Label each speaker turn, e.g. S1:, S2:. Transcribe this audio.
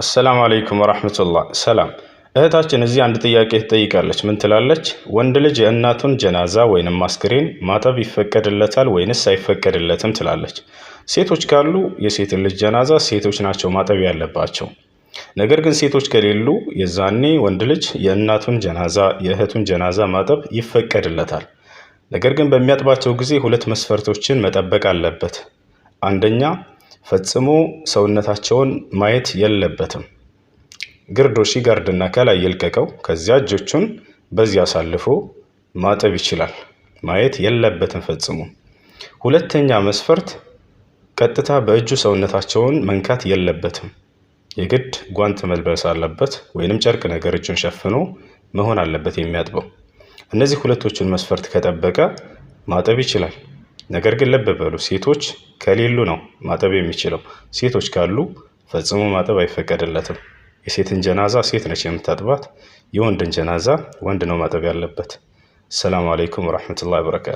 S1: አሰላሙ አለይኩም ወራህመቱላህ። ሰላም እህታችን እዚህ አንድ ጥያቄ ትጠይቃለች። ምን ትላለች? ወንድ ልጅ የእናቱን ጀናዛ ወይንም አስክሬን ማጠብ ይፈቀድለታል ወይንስ አይፈቀድለትም ትላለች። ሴቶች ካሉ የሴትን ልጅ ጀናዛ ሴቶች ናቸው ማጠብ ያለባቸው። ነገር ግን ሴቶች ከሌሉ የዛኔ ወንድ ልጅ የእናቱን ጀናዛ የእህቱን ጀናዛ ማጠብ ይፈቀድለታል። ነገር ግን በሚያጥባቸው ጊዜ ሁለት መስፈርቶችን መጠበቅ አለበት። አንደኛ ፈጽሞ ሰውነታቸውን ማየት የለበትም። ግርዶ ሲጋርድና ከላይ የልቀቀው ከዚያ እጆቹን በዚህ አሳልፎ ማጠብ ይችላል። ማየት የለበትም ፈጽሞ። ሁለተኛ መስፈርት ቀጥታ በእጁ ሰውነታቸውን መንካት የለበትም። የግድ ጓንት መልበስ አለበት፣ ወይንም ጨርቅ ነገር እጁን ሸፍኖ መሆን አለበት የሚያጥበው። እነዚህ ሁለቶቹን መስፈርት ከጠበቀ ማጠብ ይችላል። ነገር ግን ልብ በሉ ሴቶች ከሌሉ ነው ማጠብ የሚችለው። ሴቶች ካሉ ፈጽሞ ማጠብ አይፈቀድለትም። የሴትን ጀናዛ ሴት ነች የምታጥባት፣ የወንድን ጀናዛ ወንድ ነው ማጠብ ያለበት። ሰላም አለይኩም ወረሕመቱላሂ ወበረካቱ።